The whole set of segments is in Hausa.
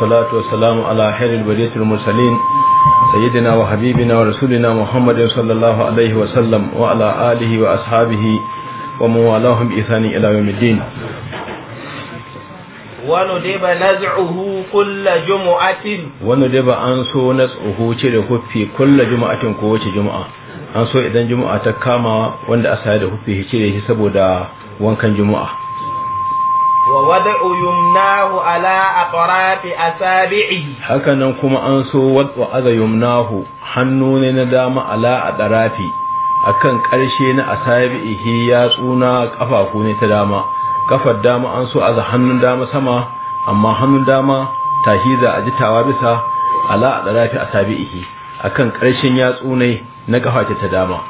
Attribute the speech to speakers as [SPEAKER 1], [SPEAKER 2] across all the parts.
[SPEAKER 1] salatu wa salamu ala hairul bariyatul musalin sayyidina wa habibina wa rasulina muhammadin sallallahu alaihi wa sallam wa an so cire huffi kull jumu'atin ko wace jumu'a an so idan jumu'a ta kama wanda a sayar da huffi cire shi saboda wankan juma'a.
[SPEAKER 2] wa wada'u yumnahu ala aqrafi asabi'i
[SPEAKER 1] haka nan kuma an so wad'u adha yumnahu hannu ne na dama ala aqrafi akan ƙarshe na asabi'i ya tsuna kafafu ne ta dama kafar dama an so aza hannun dama sama amma hannun dama tahiza ajitawa bisa ala aqrafi asabi'i akan ƙarshen yatsu ne na kafa ta dama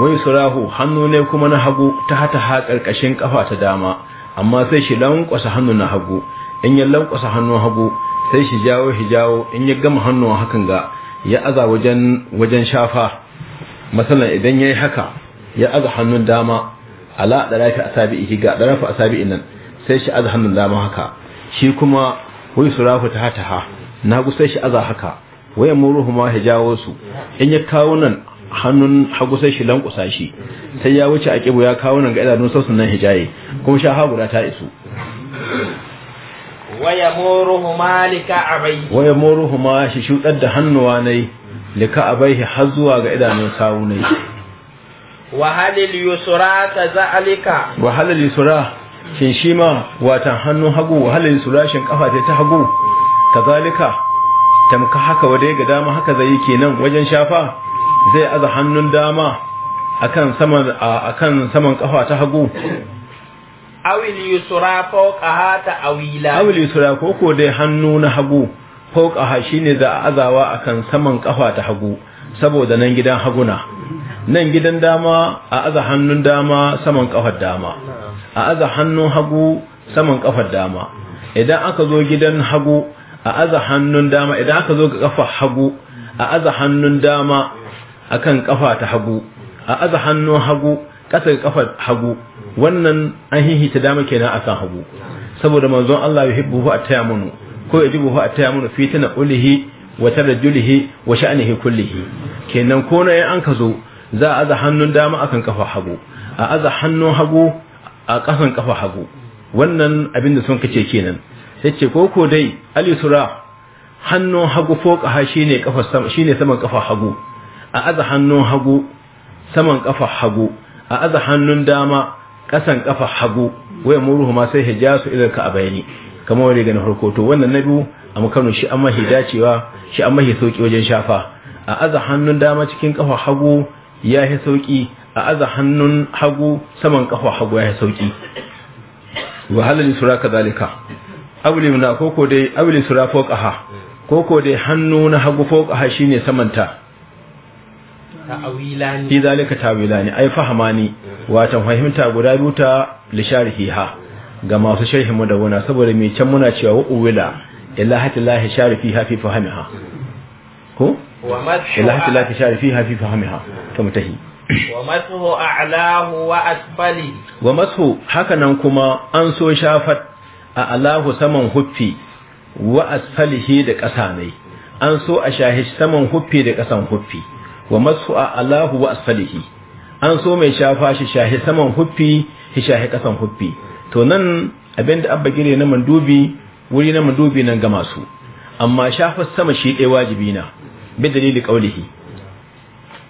[SPEAKER 1] wai surahu hannu ne kuma na hagu ta hata ha ƙarƙashin ƙafa ta dama amma sai shi lankwasa hannu na hagu in ya lankwasa hannun hagu sai shi jawo shi jawo in ya gama hannun hakan ga ya aza wajen wajen shafa masalan idan ya yi haka ya aza hannun dama ala ɗarafi a sabi'i ga ɗarafi a sabi'i nan sai shi aza hannun dama haka shi kuma wai surahu ta hata ha na sai shi aza haka waya muruhu ma ya jawo su in ya kawo nan hannun hagu sai shi lankusa shi sai ya wuce a kibu ya kawo nan ga idanun sassu nan hijaye kuma sha hagu guda ta isu
[SPEAKER 2] waya muruhu ma lika abai
[SPEAKER 1] waya muruhu ma shi shudar da hannuwa ne lika abai har zuwa ga idanun sawu ne
[SPEAKER 2] wahalil yusra ta za'alika
[SPEAKER 1] wahalil yusra shin shi ma watan hannun hagu wahalil yusra shin kafa ta hagu kazalika tamka haka wadai ga dama haka zai yi kenan wajen shafa zai aza hannun dama akan saman akan saman kafa ta hagu
[SPEAKER 2] awil yusra fawqaha ta
[SPEAKER 1] awila awil yusra ko ko dai hannu na hagu ha shine za a azawa akan saman kafa ta hagu saboda nan gidan haguna nan gidan dama a aza hannun dama saman kafar dama a aza hannun hagu saman kafar dama idan aka zo gidan hagu a aza hannun dama idan aka zo ga kafa hagu a aza hannun dama akan kafa ta hagu a aza hannun hagu ƙasa ga kafa hagu wannan an ta dama kenan a kan hagu saboda manzon Allah yuhibbu fa ataya munu ko yajibu fa ataya munu fitna ulihi wa tarjulihi wa sha'nihi kullihi kenan ko na an ka zo za a aza hannun dama akan kafa hagu a aza hannun hagu a kasan kafa hagu wannan abin da sun kace kenan ce ko ko dai alisura hannu hannun hagu foqaha shine kafa sama shine saman kafa hagu a aza hannun hagu saman kafa hagu a aza hannun dama kasan kafa hagu waya muruhu ma sai hijasu idan ka abayni kamar wani gani farko to wannan na biyu a makano shi amma dacewa shi amma mahi sauki wajen shafa a aza hannun dama cikin kafa hagu ya hi sauki a aza hannun hagu saman kafa hagu ya sauƙi sauki wa halal yusra kadhalika awlin na koko dai awlin surafo fawqaha koko dai hannu na hagu fawqaha shine samanta
[SPEAKER 2] ta'awilani fi
[SPEAKER 1] zalika ta'awilani ai fahamani watan fahimta guda biyu ta lisharhiha ga masu sharhi mu da wuna saboda me can muna cewa wa uwila illahati lahi sharifiha fi fahamiha ko illahati lahi sharifiha fi fahamiha to mutahi
[SPEAKER 2] wa mathu a'lahu wa asfali
[SPEAKER 1] wa mathu hakanan kuma an so shafat a alahu saman huffi wa asfalihi da ƙasa ne an so a shahi saman huffi da ƙasan huffi wa masu a alahu wa asfalihi an so mai shafa shi shahi saman huffi shi shahi ƙasan huffi to nan abinda abba gire na mandubi wuri na mandubi nan ga masu amma shafa sama shi ɗaya wajibi na bi dalili qaulihi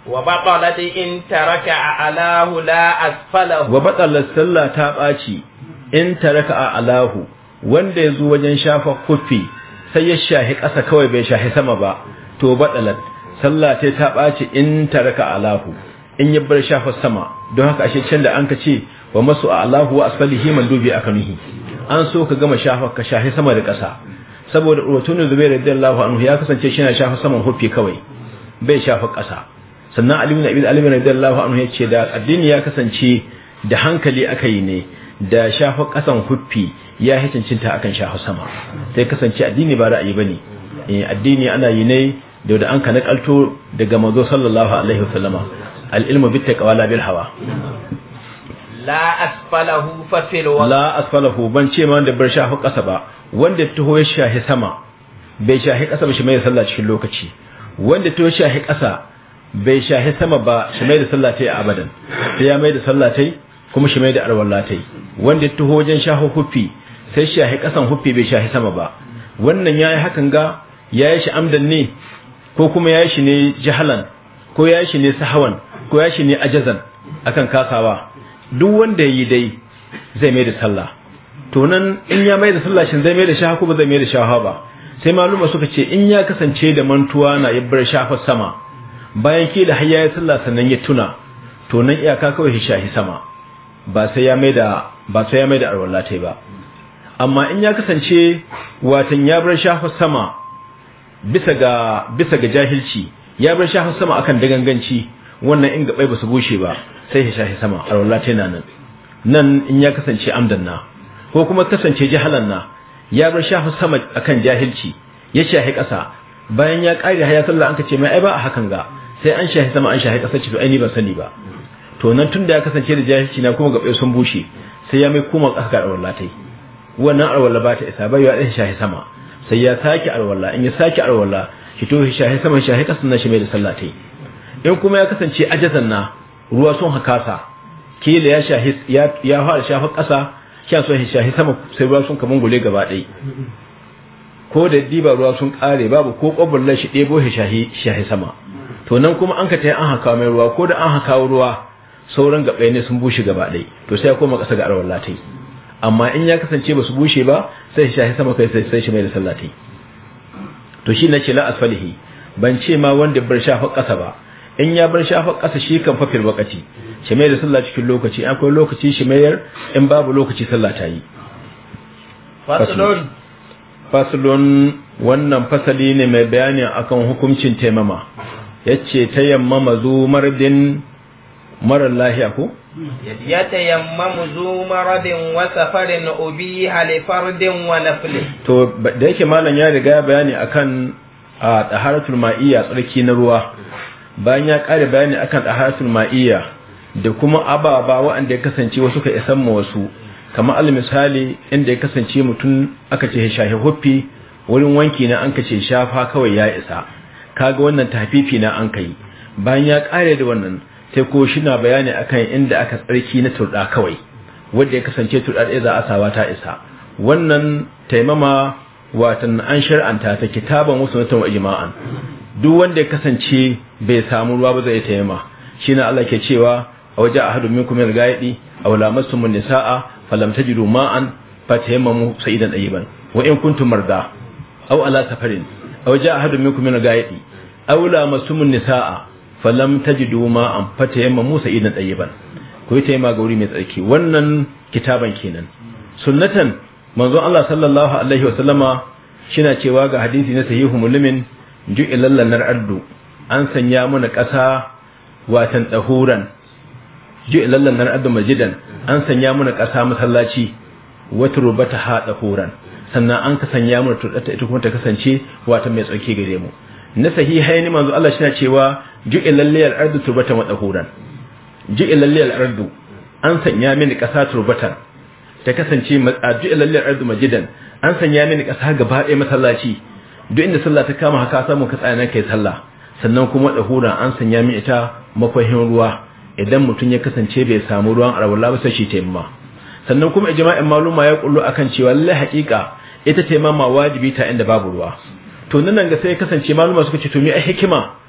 [SPEAKER 2] wa batalat in taraka alahu la asfalahu wa
[SPEAKER 1] batalat sallah ta ɓaci in taraka a alahu wanda ya zo wajen shafa kufi sai ya shahi ƙasa kawai bai shahi sama ba to baɗalar sallah ta ta ɓaci in taraka alahu in ya bar shafa sama don haka ashe can da an ka ce wa masu a alahu wa asfalihi mandubi a kanuhi an so ka gama shafa ka shahi sama da ƙasa saboda rotun zubair radiyallahu anhu ya kasance shi na shafa saman hufi kawai bai shafa ƙasa sannan ali bin abi talib radiyallahu anhu ya ce da addini ya kasance da hankali aka yi ne da shafa kasan huffi ya yi cinta akan shafa sama sai kasance addini ba ra'ayi bane eh, addini ana yi ne da da an ka nakalto daga manzo sallallahu alaihi wasallama al-ilmu bit taqwa la bil hawa
[SPEAKER 2] la asfalahu fa fil
[SPEAKER 1] la asfalahu ban ce ma wanda bar shafa kasa ba wanda taho ya shahi sama bai shahi kasa ba shi mai sallah cikin lokaci wanda taho shahi kasa bai shahi sama ba shi mai da sallah ta abadan sai ya mai da sallah ta kuma shi mai da alwallatai wanda ya tuho wajen shahar hufi sai yahi kasan huffi bai shahi sama ba wannan yayi hakan ga yayi shi amdan ne ko kuma yayi shi ne jahalan ko yayi shi ne sahawan ko yayi shi ne ajazan akan kasawa duk wanda yayi dai zai mai da sallah to nan in ya mai da sallah shin zai mai da shaha ba zai mai da shahu ba sai maluma suka ce in ya kasance da mantuwa na yabbar shafa sama bayan kila har ya sallah sannan ya tuna to nan iyaka kawai shi shahi sama ba sai ya maida ba sai ya tai ba amma in ya kasance watan ya bar shafa sama bisa ga bisa ga jahilci ya bar shafa sama akan daganganci wannan in gabai ba su bushe ba sai ya shafi sama alwala tai nan nan in ya kasance amdan na ko kuma kasance jahalan na ya bar shafa sama akan jahilci ya shahi ƙasa bayan ya kare haya sallah an ka ce mai ai ba a hakan ga sai an shafi sama an shafi ƙasa ce to ai ni ban sani ba to nan tun ya kasance da jahilci na kuma gabe sun bushe sai ya mai kuma aka alwala ta wannan alwala ba ta isa ba ya dan shahi sama sai ya sake alwala in ya sake alwala. shi to shahi sama shahi kasan na shi mai da sallah in kuma ya kasance ajazan na ruwa sun hakasa kila ya shahi ya fara shafa ƙasa kyan so shi shahi sama sai ruwa sun kaman gule gaba dai ko da diba ruwa sun kare babu ko ƙwabullar shi ɗebo shi shahi shahi sama to nan kuma an ka ta an haka mai ruwa ko da an haka ruwa sauran gabai ne sun bushe gaba ɗaya to sai ya koma ƙasa ga arawar latai amma in ya kasance ba su bushe ba sai shi sama kai sai shi mai da to shi na ce la asfalihi ban ce ma wanda bar shafa ƙasa ba in ya bar shafa ƙasa shi kan fafir bakaci shi mai da sallah cikin lokaci akwai lokaci shi mayar in babu lokaci sallah ta yi fasulun wannan fasali ne mai bayani akan hukuncin taimama yace tayammama zumar din. marar lahiya ko
[SPEAKER 2] ya mu zo maradin wa safarin obi halifardin wa fili.
[SPEAKER 1] to da yake malam ya riga bayani akan a ɗaharatun ma'iyya tsarki na ruwa bayan ya kare bayani akan taharatul ma'iyya da kuma ababa waɗanda ya kasance wasu ka isan ma wasu kamar al misali inda ya kasance mutum aka ce shahi huffi wurin wanki na an kace shafa kawai ya isa kaga wannan tafifi na an kai bayan ya ƙare da wannan sai ko shi na bayani akan inda aka tsarki na turɗa kawai wanda ya kasance turɗa ɗaya za a sawa ta isa wannan taimama watan an shar'anta ta kitaban wasu mutum wa ijma'an duk wanda ya kasance bai samu ruwa ba zai taimama Shi na Allah ke cewa a waje ahadu minkum min gaidi aw lamastum nisaa falam tajidu ma'an taimamu sa'idan ayyiban wa in kuntum marda aw ala safarin a waje ahadu minkum min gaidi aw lamastum nisaa falam tajidu ma an yamma musa idan tayyiban ku yi taima ga wuri mai tsarki wannan kitaban kenan sunnatan manzon Allah sallallahu alaihi wasallama shina cewa ga hadisi na sahihu mulmin ju'ilal lanar addu an sanya mana ƙasa watan tsahuran ju'ilal lanar addu majidan an sanya mana ƙasa masallaci wata rubata ha tahuran sannan an ka sanya mana turɗata ita kuma ta kasance wata mai tsarki gare mu na sahihai ne manzo Allah na cewa ju'ilal lalliyar ardu turbatan wa tahuran ju'ilal ardu an sanya mini ƙasa turbatan ta kasance ju'ilal lalliyar ardu majidan an sanya mini ƙasa gaba ɗaya masallaci duk inda sallah ta kama haka samu ka tsaya nan kai sallah sannan kuma tahuran an sanya mini ita makwahin ruwa idan mutum ya kasance bai samu ruwan arwala ba sai shi taimma sannan kuma ijma'in maluma ya kullu akan cewa lallai haƙiƙa ita taimama wajibi ta inda babu ruwa to nan ga sai kasance maluma suka ce to me a hikima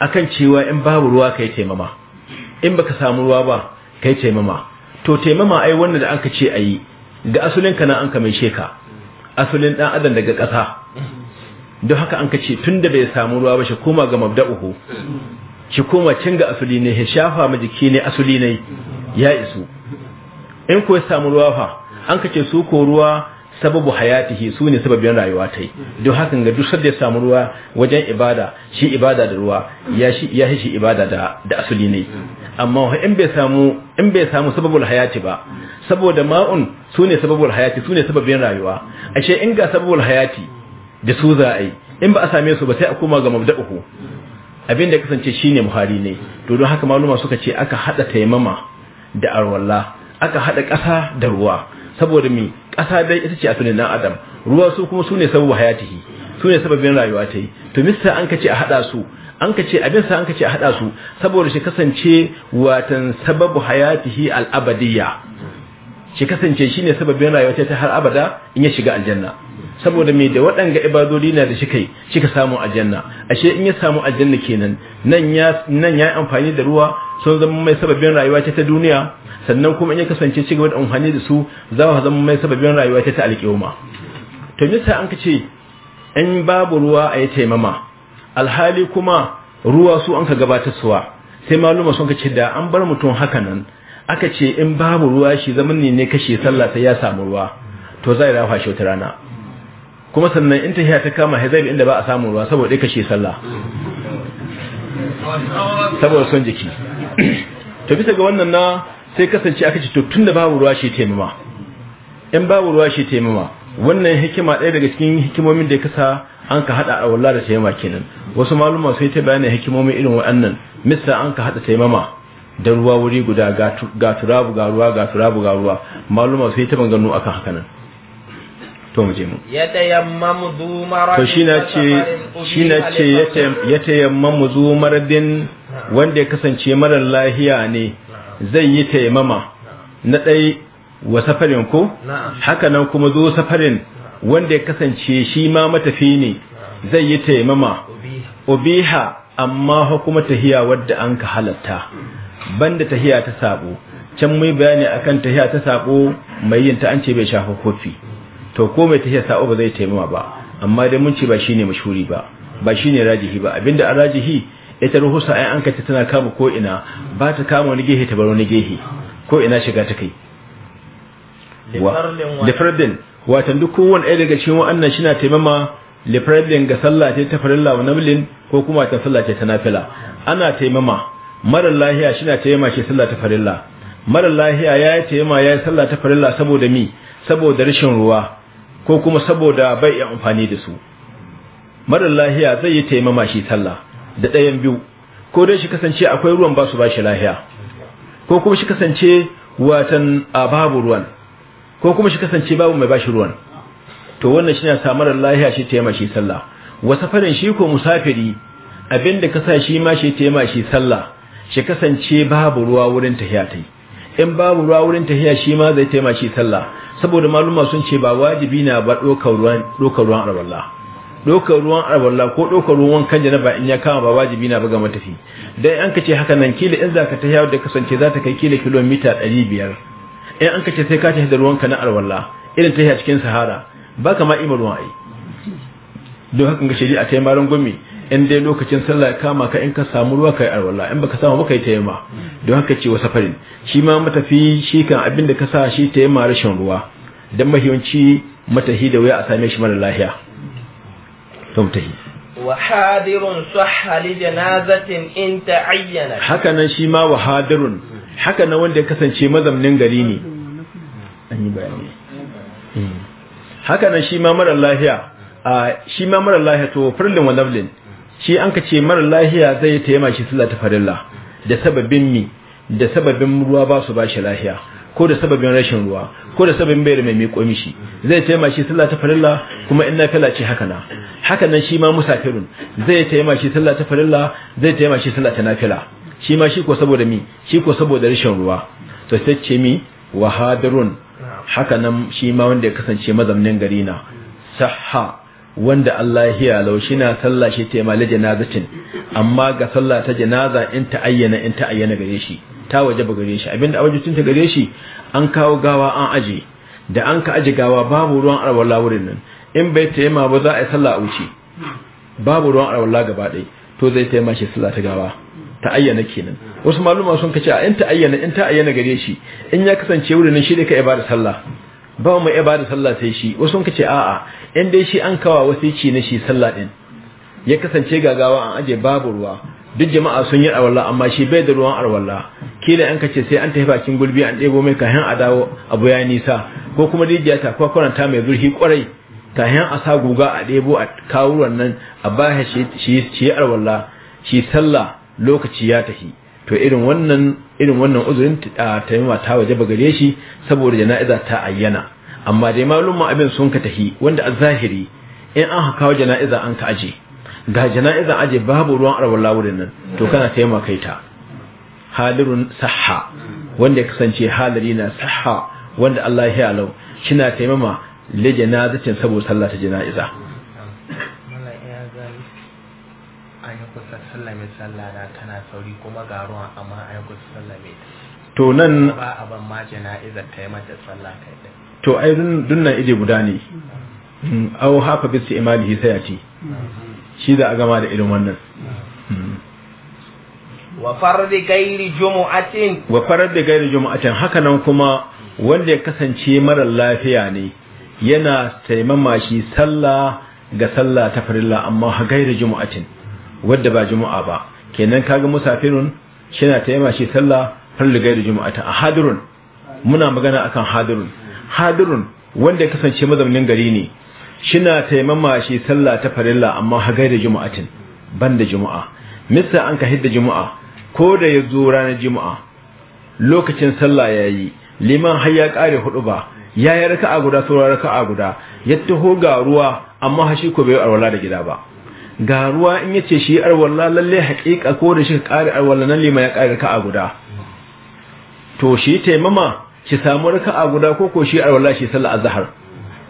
[SPEAKER 1] akan cewa in babu ruwa kai taimama in baka samu ruwa ba kai taimama to taimama ai wannan da anka ce ayi ga asulin ka na anka mai sheka asulin dan adam daga ƙasa don haka anka ce tunda bai samu ruwa ba shi koma ga mabda'uhu shi koma can ga asuli ne ya shafa ma jiki ne asuli ne ya isu in ko ya samu ruwa fa an ce su ko ruwa sababu hayatihi su ne sababin rayuwa ta yi don hakan ga duk da ya samu ruwa wajen ibada shi ibada da ruwa ya shi ya shi ibada da da ne amma in bai samu in bai samu sababul hayati ba saboda ma'un su ne sababul hayati su ne sababin rayuwa ashe in ga sababul hayati da su za a yi in ba a same su ba sai a koma ga uku. abin da kasance shine muhari ne to don haka maluma suka ce aka hada taimama da arwalla aka hada ƙasa da ruwa saboda mi ƙasa dai ita ce asalin dan adam ruwa su kuma su ne sababu hayatihi su ne sababin rayuwa ta yi to mista an ka ce a haɗa su an ka abin sa an ka ce a haɗa su saboda shi kasance watan sababu hayatihi al'abadiyya shi kasance shine sababin rayuwa ta har abada in ya shiga aljanna saboda mai da waɗanga ibadodi na da shi kai shi ka samu aljanna ashe in ya samu aljanna kenan nan ya nan ya amfani da ruwa sun zama mai sababin rayuwa ta duniya sannan kuma in ya kasance ci gaba da amfani da su za a zama mai sababin rayuwa ta alƙiyoma to yasa an ka ce in babu ruwa a yi taimama alhali kuma ruwa su an ka suwa sai maluma sun ka ce da an bar mutum haka nan aka ce in babu ruwa shi zaman ne ne kashe sallah sai ya samu ruwa to zai rafa shi wata rana kuma sannan in tahiya ta kama bi inda ba a samu ruwa saboda kashe sallah saboda son jiki to bisa ga wannan na sai kasance aka ce to tunda babu ruwa shi taimama in babu ruwa shi taimama wannan hikima ɗaya daga cikin hikimomin da ya kasa an ka hada a wallah da taimama kenan wasu maluma sai ta bayanin hikimomin irin waɗannan mista an ka hada taimama da ruwa wuri guda ga turabu ga ruwa ga turabu ga ruwa maluma sai ta bangano akan haka nan to mu je mu
[SPEAKER 2] ya tayammamu zu to shi na ce shi na ce
[SPEAKER 1] ya tayammamu zu wanda ya kasance marar lahiya ne zai yi taimama na ɗai wa safarin ko haka nan kuma zo safarin wanda ya kasance shi ma matafi ne zai yi taimama obiha amma kuma tahiya wadda an ka halatta banda tahiya ta sabo can mai bayani akan tahiya ta sabo mai yin ta an ce bai shafa kofi to ko mai tahiya sabo ba zai taimama ba amma dai mun ce ba shine mashuri ba ba shine rajihi ba abinda an rajihi ita ruhusa ai an kace tana kama ko ina ba ta kama wani gehe ta bar wani gehe ko ina shiga ta kai
[SPEAKER 2] da
[SPEAKER 1] fardin watan duk kowane ɗaya daga cikin wa'annan shi na taimama lifradin ga sallah ce ta farilla wa namlin ko kuma ta sallah ce ta nafila ana taimama mara lahiya shi na taimama shi sallah ta farilla mara lahiya ya yi taimama ya yi sallah ta farilla saboda mi saboda rashin ruwa ko kuma saboda bai iya amfani da su mara lahiya zai yi taimama shi sallah da ɗayan biyu ko dai shi kasance akwai ruwan ba su ba shi lahiya ko kuma shi kasance watan a babu ruwan ko kuma shi kasance babu mai ba shi ruwan to wannan shi ne samarar lahiya shi ta yi shi sallah wasa farin shi ko musafiri abinda ka sa shi ma shi ta yi shi sallah shi kasance babu ruwa wurin tahiya ta in babu ruwa wurin tahiya shi ma zai ta shi sallah saboda maluma sun ce ba wajibi na ba ɗaukar ruwan ɗaukar ruwan ɗaukar ruwan alwala ko ɗaukar ruwan na janaba in ya kama ba wajibi na buga ga matafi dan an kace haka nan kila in zaka ta yawo da kasance zata kai kila kilomita 500 in an kace sai ka tafi da ruwanka na alwala irin ta a cikin sahara ba ka ma ima ruwan ai don haka ga shari'a ta yi maran gumi in dai lokacin sallah ya kama ka in ka samu ruwa kai alwala in baka samu baka yi tayyama don haka ce wa safarin shi ma matafi shi kan abin da ka sa shi tayyama rashin ruwa dan mahimmanci matahi da waya a same shi mara lahiya tamtahi
[SPEAKER 2] wa hadirun sahha li janazatin in ta'ayyana haka
[SPEAKER 1] nan shi ma wa hadirun haka nan wanda ya kasance mazamnin gari ne an yi bayani hmm. haka nan shi ma mara lafiya shi ma mara lafiya to firlin wa naflin shi an ka ce mara lahiya zai taimaki shi ta farilla da sababin mi da sababin ruwa ba su ba shi lahiya. ko da sababin rashin ruwa ko da sababin bai da mai komishi zai taima shi sallah ta farilla kuma in nafila ce haka na haka nan shi ma musafirun zai taima shi sallah ta farilla zai taima shi sallah ta nafila shi ma shi ko saboda mi shi ko saboda rashin ruwa to sai ce mi wahadirun haka nan shi ma wanda ya kasance mazamnin gari na sahha wanda Allah ya laushi na sallah shi ta mali janazatin amma ga sallah ta janaza in ta ayyana in ta ayyana gare shi ta waje gare shi abinda awajibcin ta gare shi an kawo gawa an aje da an ka aje gawa babu ruwan arwala wurin nan in bai yima ba za a yi sallah a wuce babu ruwan arwala gaba ɗaya to zai yima shi sallah ta gawa ta ayyana kenan wasu maluma sun kace in ta ayyana in ta ayyana gare shi in ya kasance wurin nan shi ne ka ibada sallah ba mu iya bada sallah sai shi wasu ka ce a'a in dai shi an kawa wasu ci na shi sallah din ya kasance gagawa an aje babu ruwa duk jama'a sun yi arwalla amma shi bai da ruwan arwalla kila an kace sai an tafi bakin gulbi an ɗebo mai kahin a dawo abu ya nisa ko kuma rijiya ta kwa kwaranta mai zurfi kwarai kahin a sa guga a ɗebo a kawo wannan a ba shi shi arwalla shi sallah lokaci ya tafi to irin wannan irin wannan uzurin taimama ta waje ba gare shi saboda jana'iza ta ayyana amma dai malumma abin sun ka tahi wanda a zahiri in an kawo jana'iza an ka aje ga jana'iza aje babu ruwan arwala wurin nan to kana taimaka kai ta halirun sahha wanda ya kasance halari na sahha wanda Allah ya halau kina taimama li janazatin saboda sallah ta jana'iza
[SPEAKER 2] sallame sallah na tana sauri kuma ga ruwan amma ai ku sallame
[SPEAKER 1] to nan ba
[SPEAKER 2] a ban ma jana'iza ta yi mata sallah kai din
[SPEAKER 1] to ai dunnan ije guda ne hmm, au hafa bi imalihi sai a ci shi da a gama da irin wannan hmm.
[SPEAKER 2] wa fardi gairi jumu'atin
[SPEAKER 1] wa fardi gairi jumu'atin haka nan kuma wanda ya kasance mara lafiya ne yana taimama shi sallah ga sallah ta farilla amma gairi jumu'atin wadda ba juma'a ba kenan kaga musafirun shi ta yima shi sallah har da juma'a ta hadirun muna magana akan hadirun hadirun wanda ya kasance mazaunin gari ne ta yima taimama shi sallah ta farilla amma hagai da juma'atin banda juma'a mista an ka hidda juma'a ko da ya zo ranar juma'a lokacin sallah yayi yi liman har ya kare hudu ba ya yi raka'a guda saura raka'a guda ya taho ga ruwa amma hashi ko bai alwala da gida ba ga ruwa in yace shi arwalla lalle haƙiƙa ko da shi ka ƙari arwalla nan lima ya ƙari ka'a guda to shi taimama ki samu a guda ko ko shi arwalla shi sallah azhar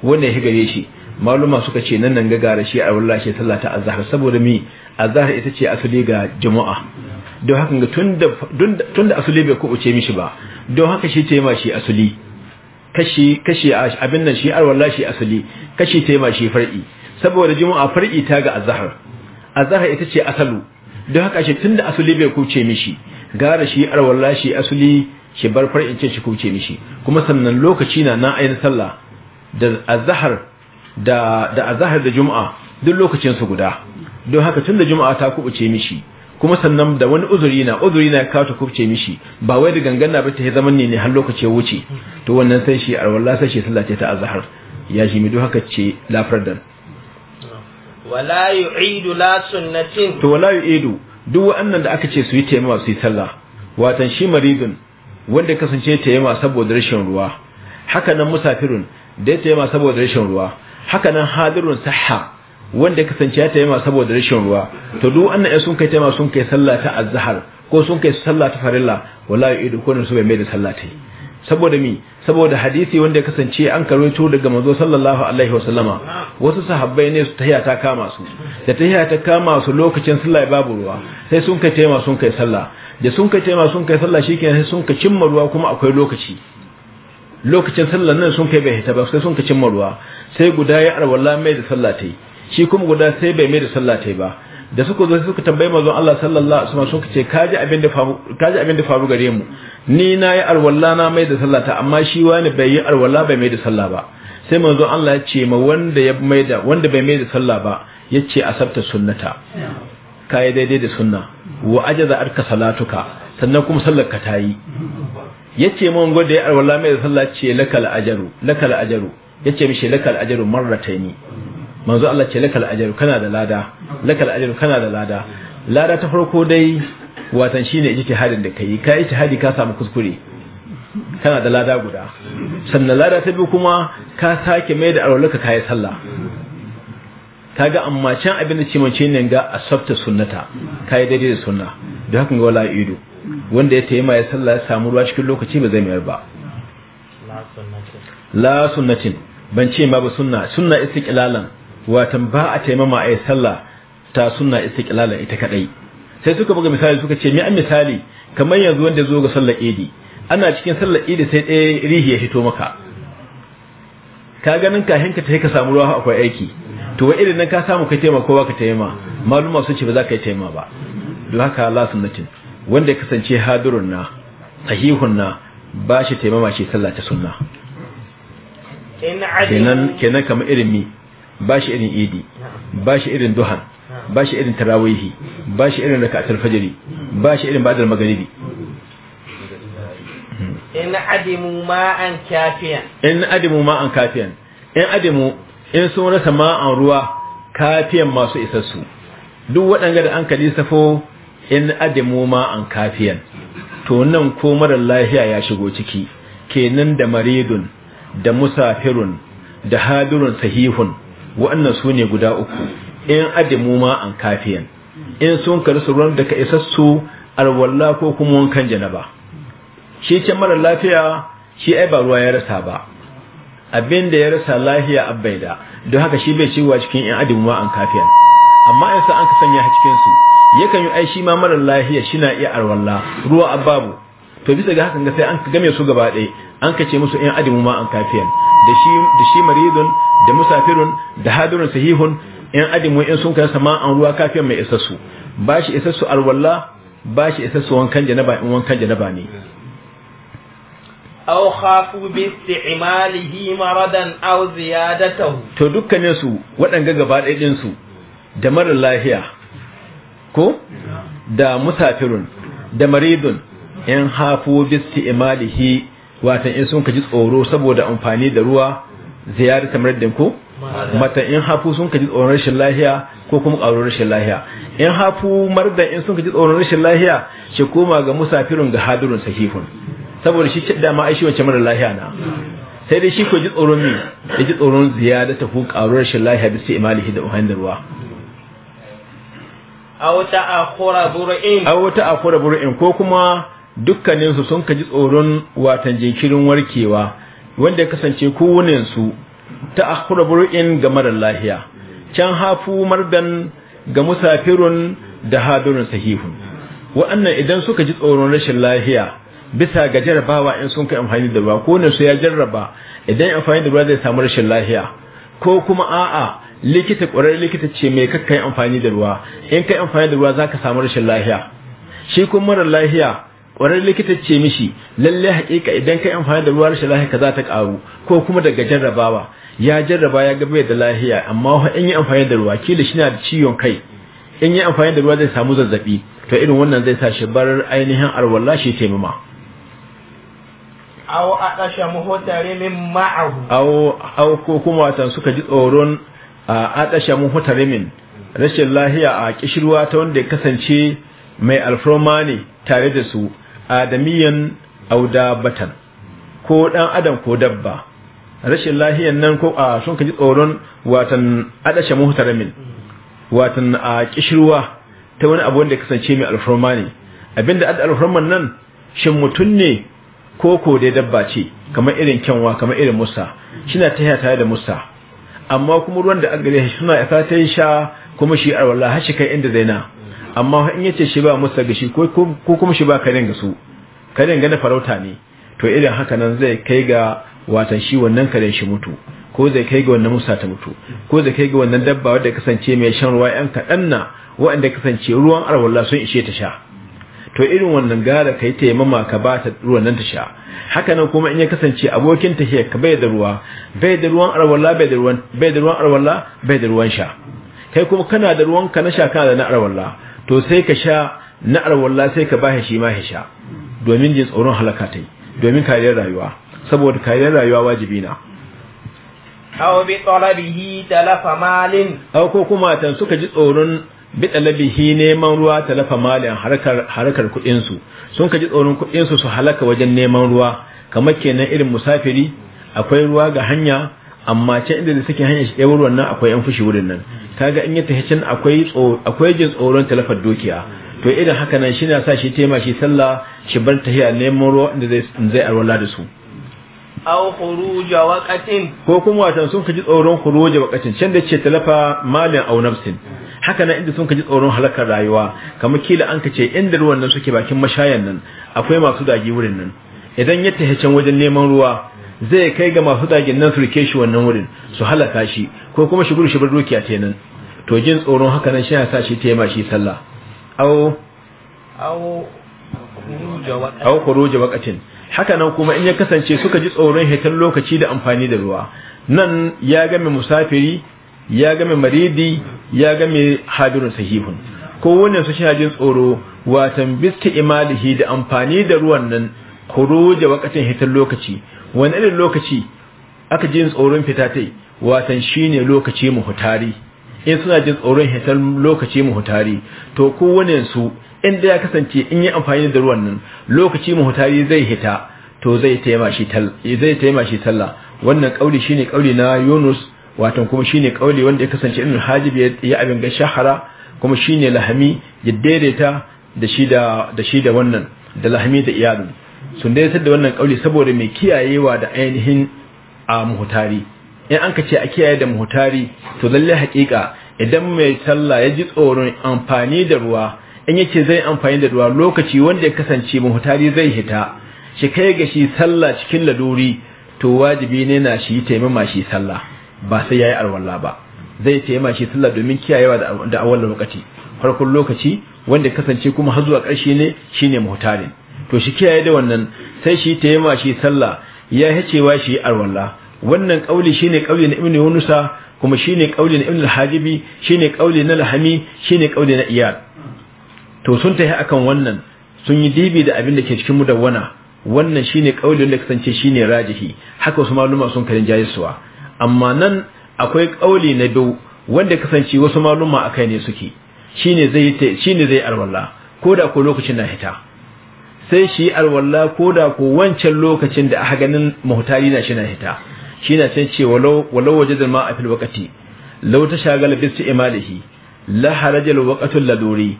[SPEAKER 1] wanda ya gare shi maluma suka ce nan nan gagara shi arwalla shi sallah ta azhar saboda mi azhar ita ce asali ga jama'a don haka ga tunda tunda asali bai kubuce mishi ba don haka shi ma shi asali kashi kashi abin nan shi arwalla shi asali kashi ma shi far'i saboda juma'a far'i ta ga azhar azhar ita ce asalu don haka shi tunda asuli bai kuce mishi gara shi ar shi asuli shi bar far'i ce shi kuce mishi kuma sannan lokaci na na ayin sallah da azhar da da azhar da juma'a duk lokacin su guda don haka tunda juma'a ta kubuce mishi kuma sannan da wani uzuri na uzuri na kawo ta kuce mishi ba wai da gangana ba ta yi zaman ne har lokaci ya wuce to wannan sai shi wallahi sai shi sallah ta azhar ya shi mi haka ce lafar
[SPEAKER 2] wala yu'idu la sunnatin
[SPEAKER 1] to wala yu'idu duk wa'annan da aka ce su yi taimama su yi sallah watan shi maridun wanda kasance taimama saboda rashin ruwa haka nan musafirun da ya taimama saboda rashin ruwa haka nan hadirun sahha wanda kasance ya taimama saboda rashin ruwa to duk wa'annan ya sun kai taimama sun kai sallah ta azhar ko sun kai sallah ta farilla wala yu'idu ko su bai mai da sallah ta yi saboda mi saboda hadisi wanda ya kasance an karwato daga manzo sallallahu alaihi wasallama wasu sahabbai ne su tahiya ta kama su da tahiya ta kama su lokacin sallah babu ruwa sai sun kai tema sun kai sallah da sun kai tema sun kai sallah shikenan sai sun ka cimma ruwa kuma akwai lokaci lokacin sallah nan sun kai bai hita ba sai sun ka cimma ruwa sai guda ya arwala mai da sallah tai shi kuma guda sai bai mai da sallah tai ba da suka zo suka tambayi mazo Allah sallallahu alaihi wasallam suka ce kaji abin da faru kaji abin da faru gare mu ni nayi arwalla na mai da sallata amma shi wani bai yi arwalla bai mai da sallah ba sai manzon Allah ya ce ma wanda ya mai da wanda bai mai da sallah ba yace asabta sunnata kai daidai da sunna wa ajaza arka salatuka sannan kuma sallar ka tayi yace mun gode arwalla mai da sallah ce lakal ajaru lakal ajaru yace mishi lakal ajaru marrataini manzo Allah ce lakal ajru kana da lada lakal ajru kana da lada lada ta farko dai watan shine ijtihadin da kai ka ijtihadi ka samu kuskure kana da lada guda sannan lada ta biyu kuma ka sake mai da arwalaka kai sallah kaga amma can abin da cimance ne ga asabta sunnata kai daidai da sunna da hakan ga wala ido wanda ya tayi mai sallah ya samu ruwa cikin lokaci ba zai mai ba la sunnatin ban ce ma ba sunna sunna istiqlalan watan ba a taimama a yi sallah ta sunna istiqlalan ita kadai sai suka buga misali suka ce mi an misali kamar yanzu wanda zo ga sallar idi ana cikin sallar idi sai ɗaya rihi ya fito maka ka ganin ka ka ta ka samu ruwa akwai aiki to wa irin nan ka samu ka taimaka kowa ka taimama maluma sun ce ba za ka yi ba don haka Allah sunnatin wanda ya kasance hadirun na sahihun na ba shi taimama shi sallah ta sunna
[SPEAKER 2] kenan
[SPEAKER 1] kenan kamar irin mi ba shi irin idi ba shi irin duhan ba shi irin tarawihi ba shi irin raka'atul fajri ba shi irin ba'dal maghribi
[SPEAKER 2] in adimu an kafiyan
[SPEAKER 1] in adimu an kafiyan in adimu in sun rasa ma an ruwa kafiyan masu isassu duk waɗanda da an kalli safo in adimu an kafiyan to nan ko marar lafiya ya shigo ciki kenan da maridun da musafirun da hadirun sahihun wa'annan su ne guda uku in adamu ma an kafiyan in sun karsu ruwan da ka isassu alwalla ko kuma wankan janaba shi can marar lafiya shi ai ba ruwa ya rasa ba abin da ya rasa lahiya abbaida don haka shi bai cewa cikin in adamu ma an kafiyan amma in sa an ka sanya cikin su yakan yi ai shi ma mara lahiya shi na iya alwalla ruwa ababu to bisa ga hakan ga sai an game su gaba ɗaya an kace musu in adimu ma an kafiyan da shi da shi maridun da musafirun da hadirun sahihun in adimu in sun kai sama an ruwa kafiyan mai isassu ba shi isassu alwalla ba shi isassu wankan janaba in wankan janaba ne
[SPEAKER 2] aw khafu bi isti'malihi maradan aw ziyadatahu
[SPEAKER 1] to dukkanin su waɗanga gaba ɗaya din su da marar lafiya ko da musafirun da maridun in hafu bisti imalihi wata in sun kaji tsoro saboda amfani da ruwa ziyarar kamar din ko mata in hafu sun kaji tsoron rashin lahiya ko kuma ƙaruwar rashin lahiya in hafu mardan in sun kaji tsoron rashin lahiya shi koma ga musafirin ga hadirun sahihun saboda shi ce dama aishi wacce mara lahiya na sai dai shi ko ji tsoron mi ya ji tsoron ziyada ta ko ƙaruwar rashin lahiya bisa imalihi da uhan da ruwa A wata akhura bur'in ko kuma dukkaninsu sun kaji tsoron watan jinkirin warkewa wanda ya kasance kowunensu ta akura buru'in ga marar lahiya can hafu mardan ga musafirun da hadurin sahihun Waɗannan idan suka ji tsoron rashin lahiya bisa ga jarrabawa in sun kai amfani da ruwa ko ya jarraba idan amfani da ruwa zai samu rashin lahiya ko kuma a'a likita ƙwararren likita ce mai kakkai amfani da ruwa in kai amfani da ruwa za ka samu rashin lahiya shi kuma mara lahiya ƙwarar likita ce mishi lalle haƙiƙa idan ka amfani da ruwa rashin lahiya za ta ƙaru ko kuma daga jarrabawa ya jarraba ya ga bai da lahiya amma in yi amfani da ruwa kila shi na da ciwon kai in yi amfani da ruwa zai samu zazzabi to irin wannan zai sa shi bar ainihin arwalla shi taimama
[SPEAKER 2] aw mu hotare min ma'ahu
[SPEAKER 1] aw aw ko kuma watan suka ji tsoron a mu hotare min rashin lahiya a kishirwa ta wanda ya kasance mai alfarma ne tare da su adamiyan auda batan ko dan adam ko dabba rashin lahiyan nan ko a sun kaji tsoron watan adashe muhtaramin watan a kishirwa ta wani abu wanda kasance mai alfarma ne abinda adda alfarman nan shin mutum ne ko ko dai dabba ce kamar irin kyanwa kamar irin musa shina ta tare da musa amma kuma ruwan da aka gare shi suna ya fatan sha kuma shi arwallah hashi kai inda zaina amma in yace shi ba musa gashi ko kuma shi ba karen ga su karen ga na farauta ne to irin haka nan zai kai ga watan shi wannan karen shi mutu ko zai kai ga wannan musa ta mutu ko zai kai ga wannan dabba wadda kasance mai shan ruwa yan kaɗan na wanda kasance ruwan arwalla sun ishe ta sha to irin wannan gara kai ta yi mama ka ba ta ruwan nan ta sha haka nan kuma in ya kasance abokin ta ka bai da ruwa bai da ruwan arwalla bai da ruwan bai da ruwan arwalla bai da ruwan sha kai kuma kana da ruwan ka na sha kana da na arwalla to sai ka sha na arwalla sai ka bashi shi ma ya sha domin jin tsoron halaka ta domin kariyar rayuwa saboda kariyar rayuwa wajibi na aw bi talabihi talafa malin aw ko kuma tan suka ji tsoron bi talabihi neman ruwa talafa malin harkar harkar kudin su sun ka ji tsoron kudin su su halaka wajen neman ruwa kamar kenan irin musafiri akwai ruwa ga hanya amma can inda da suke hanyar shi ɗaya nan akwai yan fushi wurin nan kaga in ya tafi can akwai akwai jin tsoron talafar dukiya to irin haka nan shi na sa shi tema shi sallah shi bar tahiya neman ruwa inda zai zai arwala da su
[SPEAKER 2] aw khuruja waqatin
[SPEAKER 1] ko kuma watan sun kaji tsoron khuruja waqatin can da ce talafa malin aw nafsin haka nan inda sun kaji tsoron halakar rayuwa kamar kila an kace inda ruwan nan suke bakin mashayan nan akwai masu dagi wurin nan idan ya tahi can wajen neman ruwa zai kai ga masu dagin nan su rike shi wannan wurin su halaka shi ko kuma shi gudu shi bar dukiya ta nan to jin tsoron haka nan shi ya sa shi tema shi sallah au au au kuruja waqatin haka nan kuma in ya kasance suka ji tsoron hitan lokaci da amfani da ruwa nan ya ga mai musafiri ya ga mai maridi ya ga mai hadirun sahihun ko wannan su shi jin tsoro watan bisti imalihi da amfani da ruwan nan kuruja waqatin hitan lokaci wani irin lokaci aka jin tsoron fita tai watan shine lokaci muhtari in suna jin tsoron hitar lokaci muhtari to kowane su inda ya kasance in yi amfani da ruwan nan lokaci muhtari zai hita to zai taima shi tal zai taima shi sallah wannan kauli shine kauli na Yunus watan kuma shine kauli wanda ya kasance Ibn Hajib ya abin ga shahara kuma shine lahami ya daidaita da shi da da shi da wannan da lahami da iyalin sun dai da wannan kauli saboda mai kiyayewa da ainihin a muhutari in an ka ce a kiyaye da muhutari to lalle hakika idan mai sallah ya ji tsoron amfani da ruwa in yake zai amfani da ruwa lokaci wanda ya kasance muhutari zai hita shi kai ga shi sallah cikin laduri to wajibi ne na shi taimama shi sallah ba sai yayi alwala ba zai taimama shi sallah domin kiyayewa da awwal lokaci farkon lokaci wanda kasance kuma har zuwa ƙarshe ne shine muhutarin to shi kiyaye da wannan sai shi ta yama shi sallah ya yi cewa shi arwalla wannan shi shine ƙauli na Ibn yunusa kuma shine ƙauli na Ibn al shi shine ƙauli na lahami shine ƙauli na iyad to sun tafi akan wannan sun yi dibi da abin da ke cikin mu mudawwana wannan shine kaulin da kasance shine rajihi haka wasu maluma sun kalin jayisuwa amma nan akwai ƙauli na biyu wanda kasance wasu maluma kai ne suke ne zai yi zai arwalla ko da ko lokacin na hita sai shi alwala ko da ko wancan lokacin da aka ganin muhtari na shi na hita shi na sai ce walau walau wajadal ma a fil wakati law shagala bi isti'malihi la harajal waqtu laduri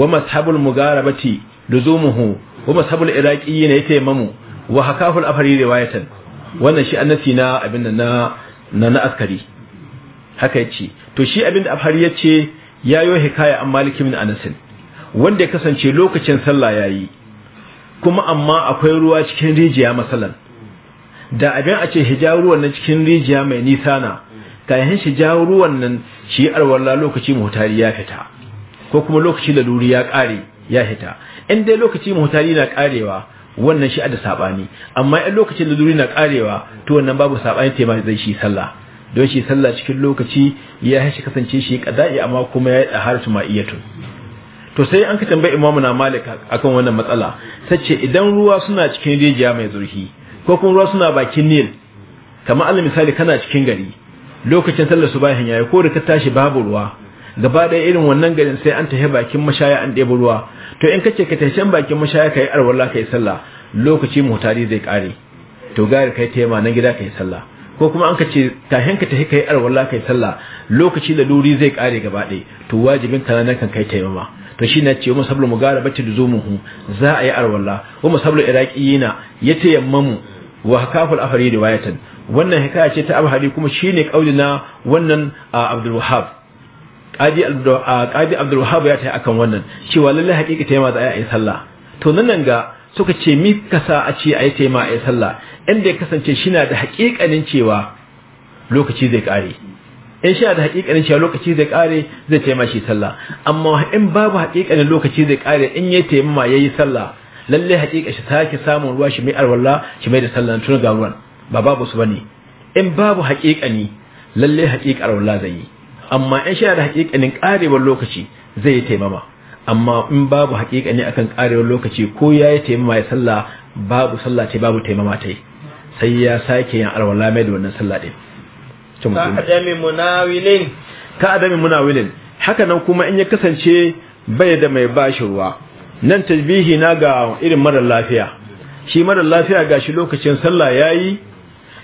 [SPEAKER 1] wa mashabul mugarabati luzumuhu wa mashabul iraqiyyin mamu wa hakaful afari riwayatan wannan shi annasi na abin na na na askari haka yace to shi abin da afari yace yayo hikaya an malik anas wanda ya kasance lokacin sallah yayi kuma amma akwai ruwa cikin rijiya masalan da abin a ce hijawo ruwan nan cikin rijiya mai nisa na kayan hijawo ruwan nan shi arwalla lokaci mutari ya fita ko kuma lokaci duri ya kare ya fita in dai lokaci mutari na karewa wannan shi da sabani amma in lokacin duri na karewa to wannan babu sabani tema zai shi sallah don shi sallah cikin lokaci ya shi kasance shi kada'i amma kuma ya da haratu to sai an ka tambayi imamu na malik akan wannan matsala ta ce idan ruwa suna cikin rijiya mai zurfi ko kuma ruwa suna bakin nil kamar alal misali kana cikin gari lokacin sallar subahin yayi ko da ka tashi babu ruwa gaba ɗaya irin wannan garin sai an tafi bakin mashaya an ɗebo ruwa to in kace ka tashi bakin mashaya kai arwala kai sallah lokaci motari zai kare to gari kai tema na gida kai sallah ko kuma an ka tahin ka tahi kai arwala kai sallah lokaci da luri zai kare gaba ɗaya to wajibin ka nan kan kai taimama to shi na ce wa bacci da zumuhu za a yi arwalla wa musablu iraqiyina ya yammamu wa hakaful afari riwayatan wannan hikaya ce ta abhari kuma shine na wannan abdul wahab qadi qadi abdul wahab ya tayi akan wannan cewa lalle haƙiƙa tayi ma za a yi sallah to nan ga suka ce mi kasa a ce a yi tayi ma a yi sallah inda ya kasance shi na da hakikanin cewa lokaci zai kare in sha da hakikanin shi lokaci zai kare zai taima shi sallah amma in babu hakikanin lokaci zai kare in ya taimama yi sallah lalle hakika shi sake samun ruwa shi mai alwala shi mai da sallah tun ga ruwan ba babu su bane in babu hakikani lalle haƙiƙa alwala zai yi amma in sha da hakikanin karewar lokaci zai yi taimama amma in babu hakikani akan karewar lokaci ko ya yi taimama ya sallah babu sallah ce babu taimama ta sai ya sake yin alwala mai da wannan sallah din ka adami munawilin haka nan kuma in ya kasance bai da mai bashi ruwa nan tajbihi na ga irin marar lafiya shi marar lafiya gashi lokacin sallah yayi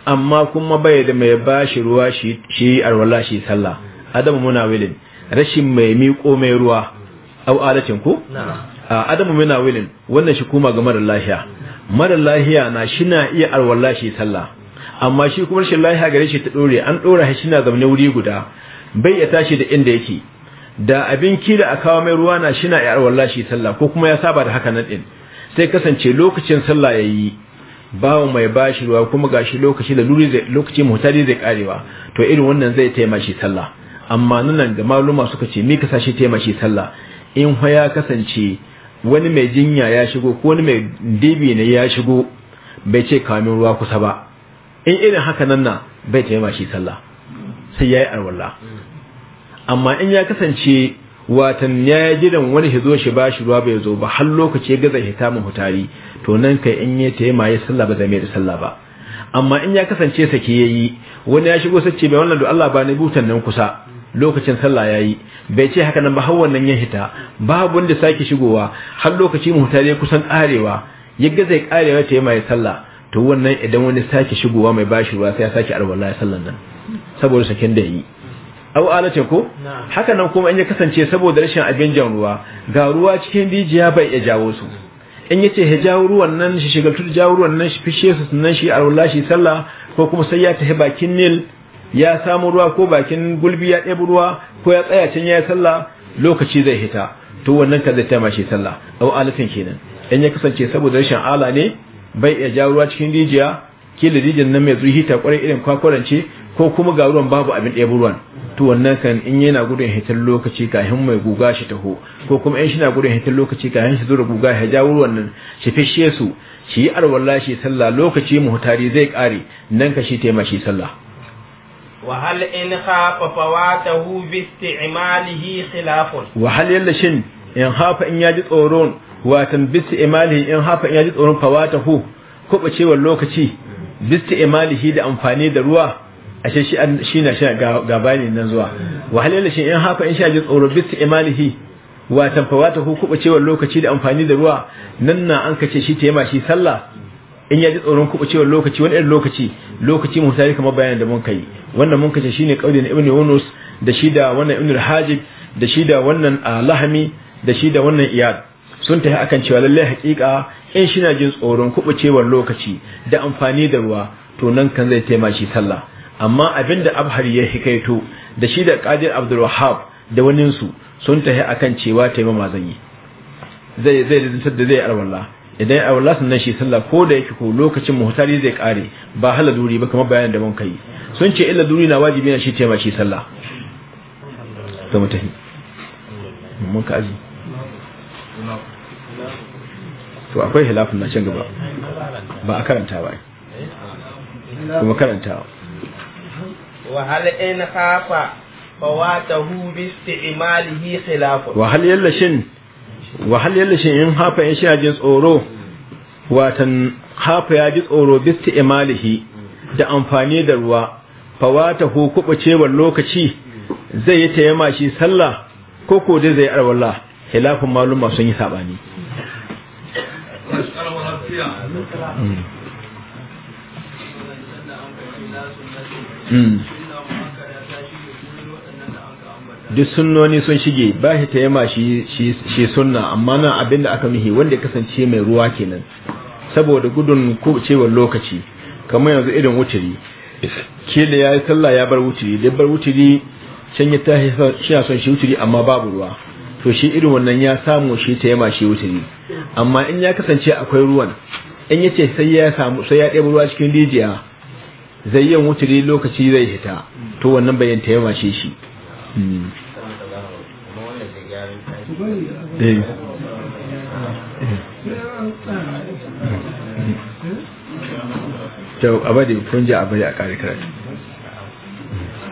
[SPEAKER 1] amma kuma bai da mai bashi ruwa shi shi arwala shi sallah adamu munawilin rashin mai miƙo mai ruwa au alatin ku adamu munawilin wannan shi kuma ga marar lafiya Marar lafiya na shi na iya arwala shi sallah amma shi kuma rashin lahiya gare shi ta dore an dora shi na zaune wuri guda bai ya tashi da inda yake da abin kila a kawo mai ruwa na shi na yar wallahi sallah ko kuma ya saba da haka nan din sai kasance lokacin sallah yayi bawo mai bashi ruwa kuma gashi lokaci da luri zai lokaci mutari zai karewa to irin wannan zai taima shi sallah amma nan da maluma suka ce me ka sashi taima shi sallah in fa ya kasance wani mai jinya ya shigo ko wani mai dibi ne ya shigo bai ce kamin ruwa kusa ba in irin haka nan na bai taimama shi sallah sai ya yi arwalla amma in ya kasance watan ya yi jiran wani zo shi ba shi ruwa bai zo ba har lokaci ya gaza hita mu hutari to nan kai in ya taimama ya sallah ba zai mai da sallah ba amma in ya kasance sake ya yi wani ya shigo sace mai wannan da Allah ba ni butan nan kusa lokacin sallah ya yi bai ce haka nan ba har wannan ya hita babu wanda sake shigowa har lokaci mu hutari kusan karewa ya gaza ya karewa taimama ya sallah to wannan idan wani sake shigowa mai bashi ruwa sai ya sake arwala sallan nan saboda sakin da yi au alace ko haka nan kuma in ya kasance saboda rashin abin jan ruwa ga ruwa cikin rijiya bai iya jawo su in yace ya jawo ruwan nan shi shigaltu da jawo ruwan nan shi fishe su sannan shi arwala shi sallah ko kuma sai ya tafi bakin nil ya samu ruwa ko bakin gulbi ya ɗebi ruwa ko ya tsaya can ya yi sallah lokaci zai hita to wannan ka zai taima shi sallah au alatin kenan in ya kasance saboda rashin ala ne bai iya ja ruwa cikin rijiya ke da rijiyar nan mai zuhi ta kwarai irin kwakwarance ko kuma ga ruwan babu abin ɗaya ruwan to wannan kan in yana gudun hitar lokaci hin mai guga shi taho ko kuma in shina gudun hitar lokaci hin shi zura guga ya ja ruwan nan shi fishe su shi yi arwalla shi sallah lokaci muhtari zai kare nan ka shi tema shi sallah
[SPEAKER 2] وهل hal خاف فواته باستعماله خلاف
[SPEAKER 1] وهل khilafun wa خاف yalla يجد in hafa in yaji tsoron watan bisti imalihi in haka ya ji tsoron fawatahu kubacewar lokaci bisti imalihi da amfani da ruwa ashe shi na shi gabani nan zuwa wahalila shi in haka in shi ji tsoron bisti imalihi watan fawatahu kubacewar lokaci da amfani da ruwa nan na an kace shi tema shi sallah in ya ji tsoron kubacewar lokaci wani irin lokaci lokaci mu sai kamar bayanin da mun kai wannan mun kace shine na ibnu yunus da shi da wannan ibnu hajib da shi da wannan ah, lahami da shi da wannan iyad sun tafi akan cewa lallai hakika in shi na jin tsoron kubucewar lokaci da amfani da ruwa to nan kan zai taima shi sallah amma abinda abhar ya hikaito da shi da qadir abdul wahhab da wanin su sun tafi akan cewa taimama zan yi zai zai rintar da zai arwalla idan arwalla sannan shi sallah ko da yake ko lokacin muhtari zai kare ba hala duri ba kamar bayanin da mun kai sun ce illa duri na wajibi na shi taima shi sallah to mutahi mun ka aji to akwai hilafin na can gaba ba a karanta ba
[SPEAKER 2] kuma karanta wa hal in khafa fawatahu bi isti'malihi khilafun wa hal
[SPEAKER 1] yallashin wa hal yallashin in hafa ya shi ajin tsoro watan hafa ya ji tsoro bi isti'malihi da amfani da ruwa fawatahu cewar lokaci zai yi tayyama shi sallah ko ko dai zai arwala hilafin malum sun yi sabani duk sunnoni sun shige ba shi ta yama shi sunna amma nan abinda aka mihi wanda ya kasance mai ruwa kenan saboda gudun cewar lokaci kamar yanzu irin wuturi ke da ya yi sallah ya bar wuturi da bar wuturi can ya tashi shi son shi wuturi amma babu ruwa to shi irin wannan ya samu shi ta yama shi wuturi amma in ya kasance akwai ruwan in yace sai ya samu sai ya ɗebi ruwa cikin rijiya zai yi wuturi lokaci zai hita to wannan bayan ta yama shi shi to abadi kun abadi a kare karatu